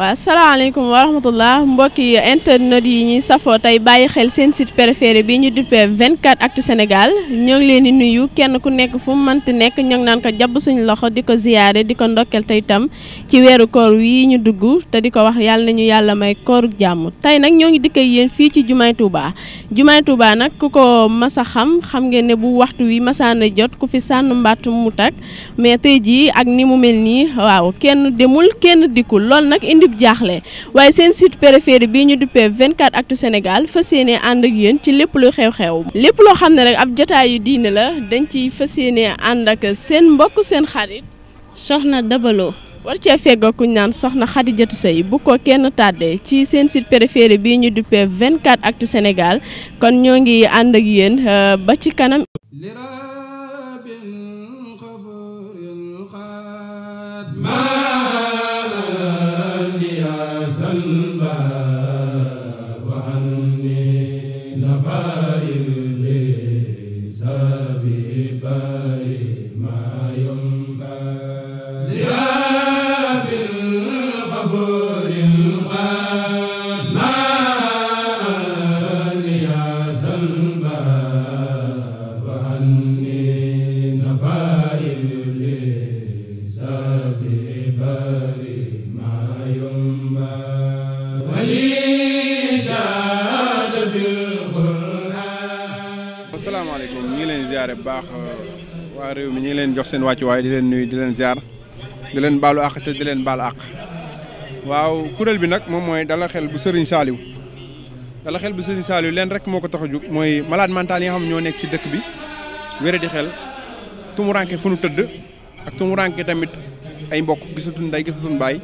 waaw asalaamaaleykum wa rahmatullah mbokki internet yi ñuy safoo tey bàyyi xel seen site préféré bi ñu dippee duppee 24 actu Sénégal ñoo ngi leen di nuyu kenn ku nekk fu mu nekk ñoo ngi naan suñu loxo di ko ziyaare di ko ndokkel tey tam ci weeru koor ñu dugg te di ko wax yàlla nañu yàlla may kooru jàmm tey nag ñoo ngi dikk ak yéen fii ci jumaay Touba jumaay Touba nag ku ko masa xam xam nga ne bu waxtu wi masaana jot ku fi sànn mbatt mu tak mais tey jii ak ni mu mel nii waaw kenn demul kenn dikkul loolu nag indi ak jaaxle waaye seen site préféré bii ñu duppee 24 actu Sénégal fas yéene ànd ak yéen ci lépp luy xew-xew lépp loo xam ne rek ab jotaayu diine la dañ ciy fas yéene ànd ak seen mbokk seen xarit. soxna Dabaloo. war cee feggoog ku ñu naan soxna Xadijatu Sey bu ko kenn tàddee ci seen site préféré bii ñu duppee 24 actu Sénégal kon ñoo ngi ànd ak yéen euh, ba ci kanam. ma seen wàccuwaay di leen nuy di leen ziar di leen baalu àq te di leen baal àq waaw kuréel bi nag moom mooy dala xel bu sëriñ Saliou dala xel bu Serigne Saliou leen rek moo ko tax a jóg mooy malade mental yi xam ñoo nekk ci dëkk bi wére di xel tumuranke fu nu tëdd ak tumuranke tamit ay mbokk gisatun day gisatun baay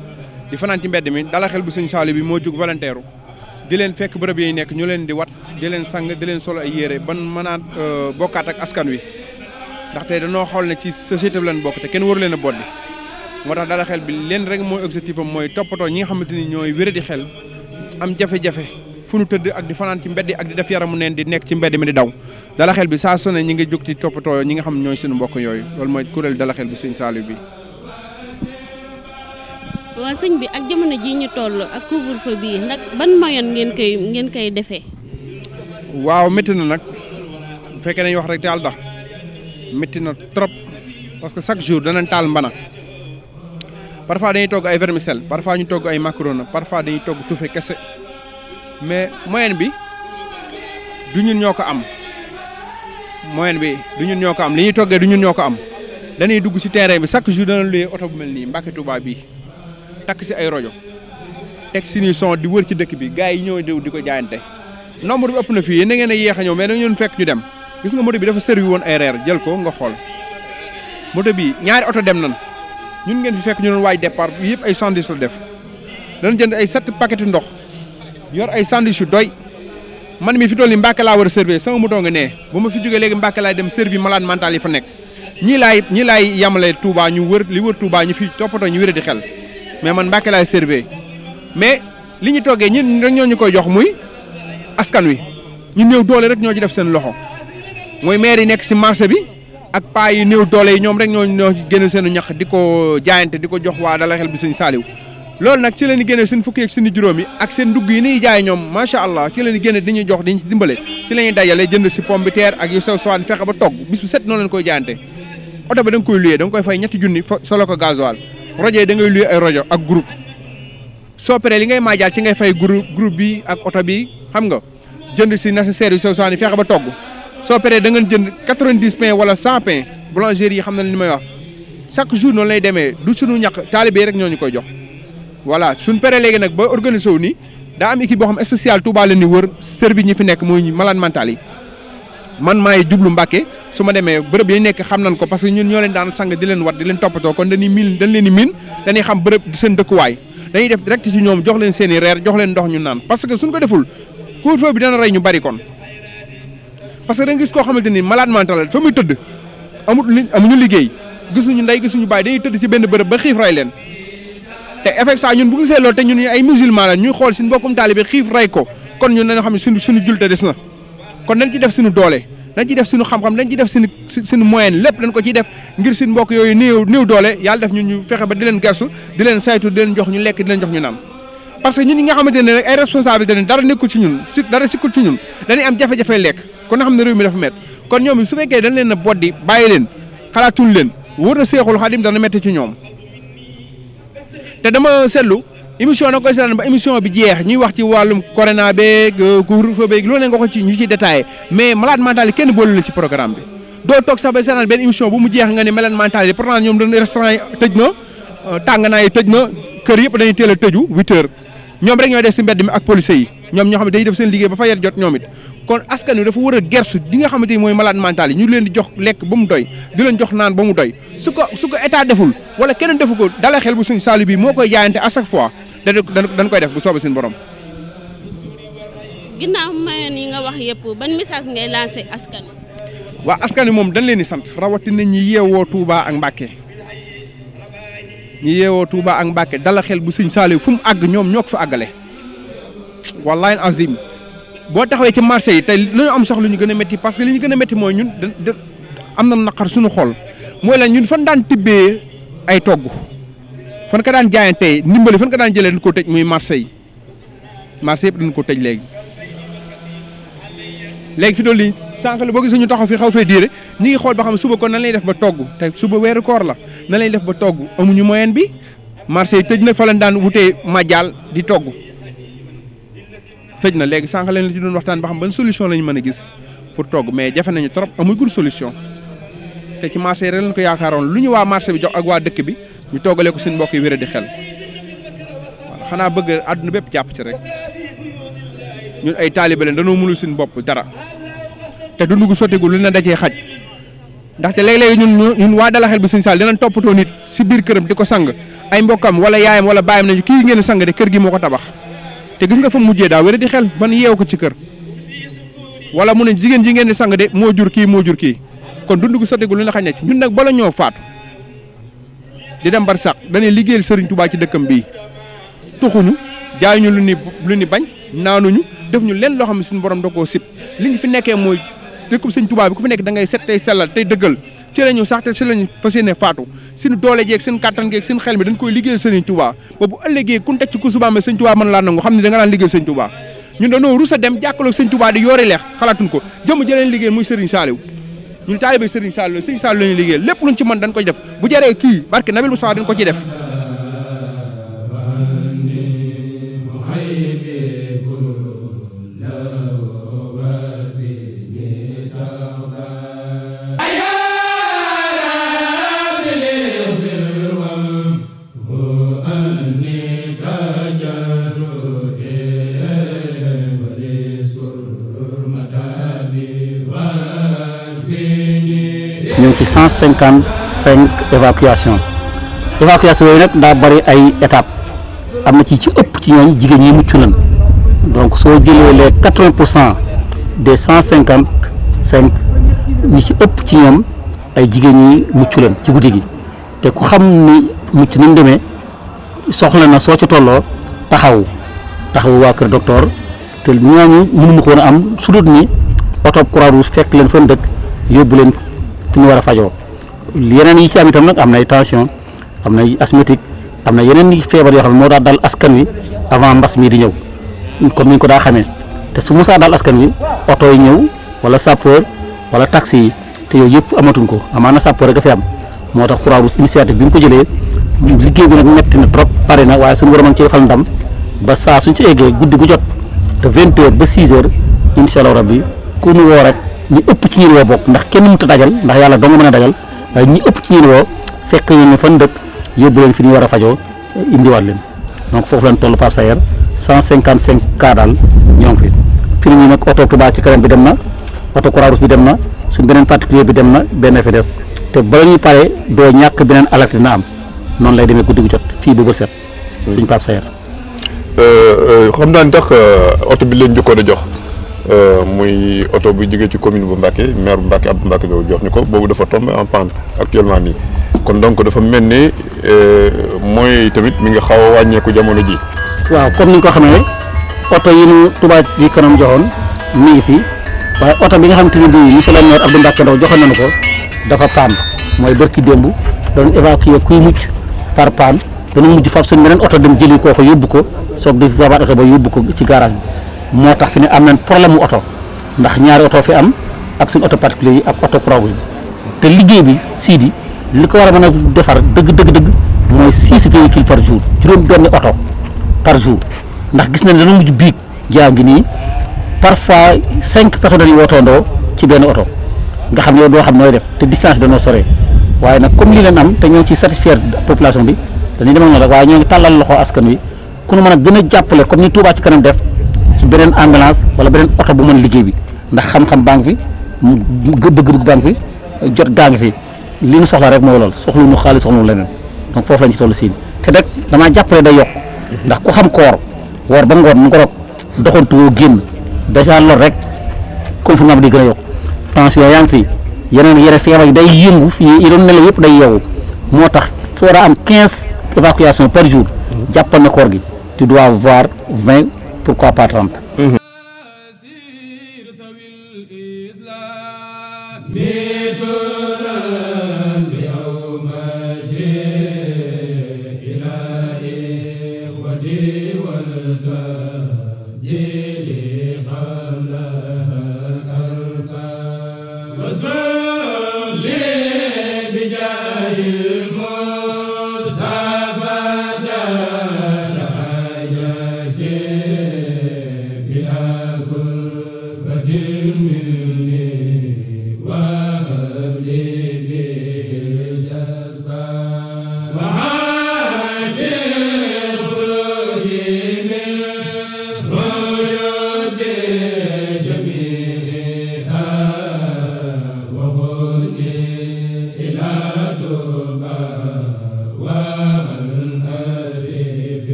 di fanaan ci mbedd mi dala xel bu Serigne Saliou bi moo jóg volontaire di leen fekk bërëb yi nekk ñu leen di wat di leen sang di leen solo ay yére ban mënaat euh, bokkaat ak askan wi ndaxte dañoo xool ne ci société bi lañ bokk te kenn waru leen a boddi moo tax dala xel bi leen rek mooy objectif am mooy toppatoo ñi nga xamante ni ñooy wéradi xel am jafe-jafe fu nu tëdd ak di fanaan ci mbedd ak di def yaramu neen di nekk ci mbedd mi di daw dala xel bi saa su ne ñi ngi jóg ci toppatoo ñi nga xam ñooy seen mbokk yooyu loolu mooy kuréel dala xel bi sëñ Saliou bi waaw sëñ bi ak jamono jii ñu toll ak couvre-feu bii ndax ban moyen ngeen koy ngeen koy defee waaw métti na fekkee nañ wax rek te yàlla métti trop parce que chaque jour danañ taal mbana parfois dañuy togg ay vermicelle parfois ñu togg ay macaroni parfois dañuy togg tufe kese mais moyen bi du ñun ñoo ko am moyen bi du ñun ñoo ko am li ñu toggee du ñun ñoo ko am dañuy dugg si terrain bi chaque jour dana luyee oto bu mel nii Mbacke Touba bii si ay rajo teg ci ni son di wër ci dëkk bi gars yi ñëw di ko jaayante nombre bi ëpp na fii yéen da ngeen a yéex a ñëw mais fekk ñu dem. gis nga moto bi dafa servi woon ay reer jël ko nga xool moto bi ñaari oto dem nan ñun ngeen fi fekk ñu doon waaj départ bi yëpp ay sandwich la def dañu jënd ay sept paquet ndox yor ay sandwich yu doy man mi fi toll nii Mbàkke laa war a servir sama moto nga nee bu ma fi jógee léegi Mbàkke laay dem servi malade mental yi fa nekk ñii laay ñii laay yamale Touba ñu wër li wër Touba ñu fi toppatoo ñu wér di xel mais man Mbàkke laay servir mais li ñu toggee ñun rek ñoo ñu koy jox muy askan wi ñu néew doole rek ñoo ci def seen loxo. mooy maire yi nekk si marché bi ak paa yi néew yi ñoom rek ñoo ñoo génne seenu ñax di ko jaayante di ko jox waa dala xel bi sëñ Saaliw loolu nag ci la ñu génne seen fukki ak seen juróom yi ak seen dugg yi ni jaay ñoom macha allah ci la ñu génne di ñu jox di ñu dimbale ci la ñuy dajale jënd si pomme de terre ak yu sew sawaan fexe ba togg bis bu set noonu leen koy jaayante oto ba da nga koy luyee da nga koy fay ñetti junni solo ko gasoil rajo yi da ngay rajo ak groupe soo paree li ngay maajaal ci ngay fay groupe groupe bi ak oto bi xam nga jënd si nécessaire yu sew sawaan yi fexe ba togg soo peree da ngeen jënd quatre-vingt-dix pain wala cent pain boulangerie yi xam na li may wax chaque jour noonu lay demee du suñu ñàkk taalibe rek ñoo ñu koy jox. voilà suñ peree léegi nag ba organisé wu ni daa am équipe boo xam spéciale Touba leen di wër service ñi fi nekk mooy malade mental yi man maay jublu Mbàkke su ma demee bërëb yi nekk xam nañ ko parce ñun ñoo leen daan sang di leen wat di leen toppatoo kon dañuy miin dañ leen di miin dañuy xam bërëb seen dëkkuwaay ñoom jox leen seen i reer jox leen ndox ñu parce que suñ ko deful couvre ñu bari kon parce que da nga gis koo xamante ni malade mental la fa muy tëdd amut li amuñu liggéey gisuñu ndey gisuñu bàyyi dañuy tëdd ci benn bërëb ba xiif ray leen te effet ça ñun bu gisee loolu te ñun ay musulman la ñuy xool suñu bokkum taalibe xiif ray ko kon ñun dañoo xam ne suñu suñu julte des na kon dañ ci def suñu doole dañ ci def suñu xam-xam dañ ci def suñu suñu moyen lépp dañ ko ciy def ngir suñu mbokk yooyu néew néew doole yàlla def ñun ñu fexe ba di leen gersu leen saytu di leen jox lekk di leen ñu naan parce que ñun ñi nga xamante ne rek ay responsabilité dara nekkul ci ñun si dara sikkul ci ñun am jafe lekk kon na xam ne réew mi dafa métti kon ñoom su fekkee dañ leen a boddi bàyyi leen xalaatuñ leen wóor na seexul xadim dana métti ci ñoom te dama seetlu émission na koy seetaan ba bi jeex ñuy wax ci wàllum corona beeg euh, couvre-feu beeg ko ci ñu ci détaillé mais malade mental yi kenn boole ci programme bi doo toog sax benn émission bu mu jeex nga ne malade mental yi pourtant ñoom dañu restaurant yi tëj na euh, tànganaay yi tëj na kër yëpp dañuy teel a tëju 8 heures ñoom rek ñooy des si mbedd mi ak policiers yi ñoom ñoo xam ne day def seen liggéey ba fa yet jot ñoom it kon askan wi dafa war a gersu di nga xamante ni mooy malade mental yi ñu leen jox lekk ba mu doy di leen jox naan ba mu doy su ko su ko état deful wala keneen defu ko dala xel bu suñ saali bi moo koy jaayante à chaque fois dañ dañ koy def bu soobee borom. ginnaaw mayoon yi nga wax yëpp ban message ngay waa askan wi moom dañ leen di sant rawatina ñi yeewoo Touba ak Mbacké ñi yeewoo Touba ak Mbacké dala xel bu suñ saali fu mu àgg ñoom ñoo ko fa àggale. wallahi azim boo taxawee ci marché yi tey lu am sax lu ñu gën a métti parce que li ñu gën a métti mooy ñun da am na naqar suñu xol mooy lan ñun fan daan tibbee ay togg fan ka daan jaayantee ndimbali fan ka daan jëlee dañ koo tëj muy marché yi marché yëpp dañ ko tëj léegi. léegi fi doon lii sànq la boo gisee ñu taxaw fi xaw fee diire ñu ngi xool ba xam suba kon nan lay def ba togg te suba weeru koor la na lay def ba togg amuñu moyen bi marché yi tëj na fa lañ daan wutee majaal di togg. tëj na léegi sànq leen ci doon waxtaan ba xam ban solution lañu mën a gis pour togg mais jafe nañu trop amagul solution te ci marché yi rek lañ ko yaakaaroon lu ñu waa marché bi jox ak waa dëkk bi ñu toggalee ko suñu mbokk yi wéra di xel xanaa bëgg àdduna bépp jàpp ci rek ñun ay taalibe leen danoo mënul suñu bopp dara te dundu gu sotti gu lu na dajee xaj ndaxte léeg-léeg ñun ñun waa dala xel bu suñu saal dinañ toppatoo nit si biir këram di ko sang ay mbokkam wala yaayam wala baayam nañu kii ngeen sang de kër gi moo ko tabax te gis nga fa mujjee daa wér di xel ban yeew ko ci kër wala mu ne jigéen ji ngeen di sang de moo jur kii moo jur kii kon dund gu sotti gu lu la xañ na ñun nag bala ñoo faatu di dem bar sax dañuy liggéeyal Serigne Touba ci dëkkam bii tuxuñu jaayuñu lu ni lu ni bañ naanuñu def ñu leen loo xam ne suñu borom da koo sib li ñu fi nekkee mooy dëkkub Serigne Touba bi ku fi nekk da ngay set tey sellal tey dëggal ci la ñu sax te si la ñu fas faatu seen doole jeeg seen kàttan geeg seen xel mi dañ koy liggéey Serigne Touba ba bu ëllëgee ku ci ku subaame Serigne Touba mën laa nangu xam ne da nga liggéey Serigne Touba ñun dañoo rus a dem jàkkaloog Serigne Touba di yoori leex ko jëmm jëleen liggéey muy Serigne Saliou ñun taalibe Serigne Saliou Serigne Saliou la liggéey lépp luñ ci mën dañ koy def bu jëree kii barke Nabil Moussa dañ ko ci ci cent cinquante cinq évacuation évacuation yooyu nag daa bëri ay étapes am na ci ci ëpp ci ñoom jigéen ñi mucc nañ donc soo jëlee les quatre-vingts pour cent des cent cinquante cinq ñi ci ëpp ci ñoom ay jigéen ñi mucc nañ ci guddi gi te ku xam ni mucc nañ demee soxla na soo ci tolloo taxaw taxaw waa kër docteur te ñooñu mënu ma ko woon am su dul ni oto croix fekk leen fan dëkk yóbbu leen. te ñu war a fajoo yeneen yi ci am tam nag am na ay tension am na ay asthmatique am na yeneen i feebar yoo xam ne moo daa dal askan wi avant mbas mii di ñëw comme ni ko daa xamee te su mosaa daal askan wi oto yi ñëw wala sapeur wala taxi yi te yooyu yëpp amatuñ ko amaana sapeur rek a fi am moo tax Croix-Rouge initiative bi mu ko jëlee liggéey bi nag metti na trop pare na su suñu borom a ngi ci defal ndam ba saa suñ ci eggee guddi gu jot te vingt heures ba six heures incha allah rabbi ku ñu woo rek. ñu ëpp ci ñin woo bokk ndax kenn mënut a dajal ndax yàlla doo nga mën a dajal waaye ñi ëpp ci ñin woo fekk ñu fan dëkk yóbbu leen fi ñu war a fajoo indiwaat leen donc foofu lañ toll cent cinquante 155 cas daal ñoo ngi fi fi ñu nag oto Touba ci kanam bi dem na oto Croix-Rouge bi dem na suñ beneen particulier bi dem na benn fi des te ba ñuy pare doo ñàkk beneen alerte na am noonu lay demee guddi gu jot fii bu set. suñ Pape Sayer. Euh, euh, xam naa ni tax euh, oto bi leen njëkkoon a jox. Euh, muy oto bu jógee ci commune bu Mbacké maire bu Mbacké Abdou Mbacké jox ñu ko boobu dafa tombé en panne actuellement nii kon donc dafa mel ni euh, mooy tamit mi nga xaw a wàññeeku jamono ji comme ni ko xamee oto yi nu Touba kanam joxoon mi ngi fi waaye oto bi nga xam te ne bii monsieur le maire Abdou Mbacké Ndao joxoon nañu ko dafa panne mooy bërki démb doon évacuer kuy mucc par panne dana mujj fab suñ beneen oto dem jëli koo ko yóbbu ko soog di fabaat oto ba yóbbu ko ci garage bi moo tax fi ne am nañ problème mu oto ndax ñaari oto fi am ak suñu oto particulier yi ak oto croix te liggéey bi sii di li ko war a mën a defar dëgg dëgg dëgg mooy six véhicules par jour juróom benn oto par jour ndax gis nañ dañu mujj biig jaa ngi nii parfois cinq personnes dañuy wootoondoo ci benn oto nga xam ne doo xam nooy def te distance danoo soree waaye nag comme lii leen am te ñoo ci satisfaire population bi dañuy dem ak noonu waaye ñoo ngi tàllal loxo askan wi ku nu mën a gën a jàppale comme ni Touba ci kanam def ci beneen ambulance wala beneen oto bu mën liggéey bi ndax xam-xam baa ngi fi gë bëgg baa ngi fi jot gaa ngi fi li ñu soxla rek moo lool soxlu ñu xaalis soxlu ñu leneen donc foofu lañ ci toll siin te nag damaa jàppale day yokk ndax ku xam koor woor ba ngoon mu ko roog doxantu woo génn dèjà lool rek confinement bi di gën a yokk tension yaa ngi fi yeneen yere feebar yi day yëngu fii yi doon nelaw yëpp day yeewu moo tax su war am quinze évacuation par jour jàppal na koor gi tu dois voir pourquoi pas 30.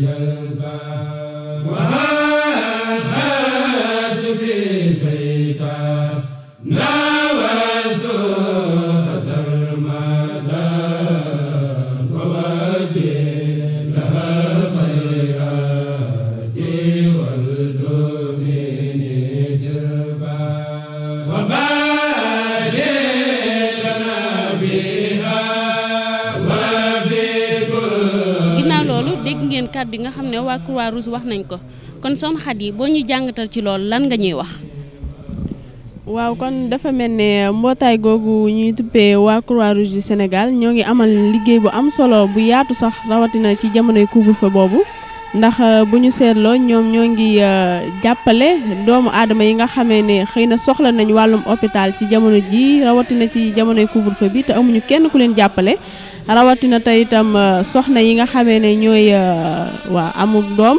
Christian dégg ngeen kàddu yi nga xam ne waa Croix-Rouge wax nañ ko kon soxna yi boo ñuy jàngatal ci lool lan nga ñuy wax. waaw kon dafa mel ne mbootaay googu ñuy tuppee waa Croix-Rouge du Sénégal ñoo ngi amal liggéey bu am solo bu yaatu sax rawatina ci jamonoy couvre-feu boobu. ndax euh, bu ñu seetloo ñoom ñoo ngi euh, jàppale doomu aadama yi nga xamee ne xëy na soxla nañu wàllum hôpital ci jamono ji rawatina ci jamonoy couvre-feu bi te amuñu kenn ku leen jàppale rawatina tey itam euh, soxna yi nga xamee ne ñooy waa amuk doom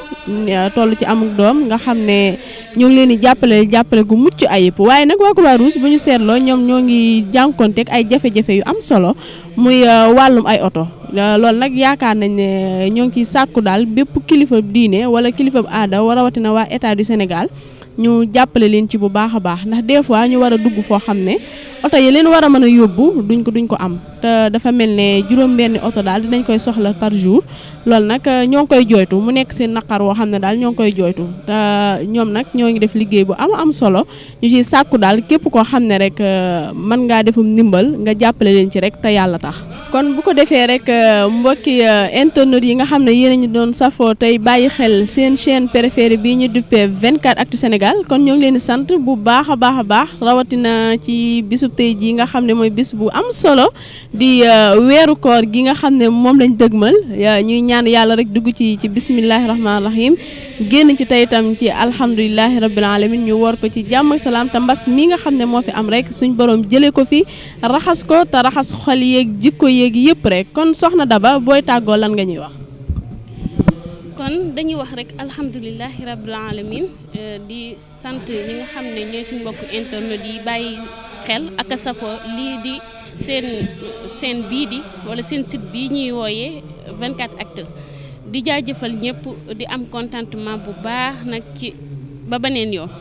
toll ci amuk doom nga xam ne ñoo ngi leen di jàppale jàppale gu mucc ayib waaye nag waa Croix-Rouge bu ñu seetloo ñoom ñoo ngi jànkonteeg ay jafe-jafe yu am solo muy euh, wàllum ay oto euh, loolu nag yaakaar nañ ne euh, ñoo ngi ciy sàkku daal bépp kilifa diine wala kilifa aada rawatina waa état du Sénégal ñu jàppale leen ci bu baax a baax ndax des fois ñu war a dugg foo xam ne oto yi leen war a mën a yóbbu duñ ko duñ ko am te dafa mel ne juróom-benni oto daal dinañ koy soxla par jour loolu nag euh, ñoo ngi koy jooytu mu nekk seen naqar woo xam ne daal ñoo ngi koy jooytu te euh, ñoom nag ñoo ngi def liggéey bu am am solo ñu ci sàkku daal képp koo xam ne rek euh, man ngaa defum ndimbal nga jàppale leen ci rek te yàlla tax. kon bu ko defee rek mbokki internet yi nga xam ne yéen a ñu doon safoo tey bàyyi xel seen chaîne préférée bii ñu duppee 24 actu Sénégal Sénégal kon ñoo ngi leen di sant bu baax a baax a baax rawatina ci bisub tey jii nga xam ne mooy bis bu am solo di euh, weeru koor gi nga xam ne moom lañ dëgmal ñuy ñaan yàlla rek dugg ci ci bismillahi rahmaani rahim génn ci tey itam ci alhamdulilahi rabbil alamin ñu woor ko ci jàmm ak salaam te mbas mi nga xam ne moo fi am rek suñ boroom jëlee ko fi raxas ko te raxas xol yeeg jikko yeeg yëpp rek kon soxna Daba booy tàggoo lan nga ñuy wax. kon dañuy wax rek alhamdulilahi rabil alamin euh, di sant ñi nga xam ne ñooy suñu mbokk internet yi bàyyi xel ak a safo lii di seen seen bii di wala seen site bii ñuy wooyee 24 actu di jaajëfal ñëpp di am contentement bu baax nag ci ba beneen yoo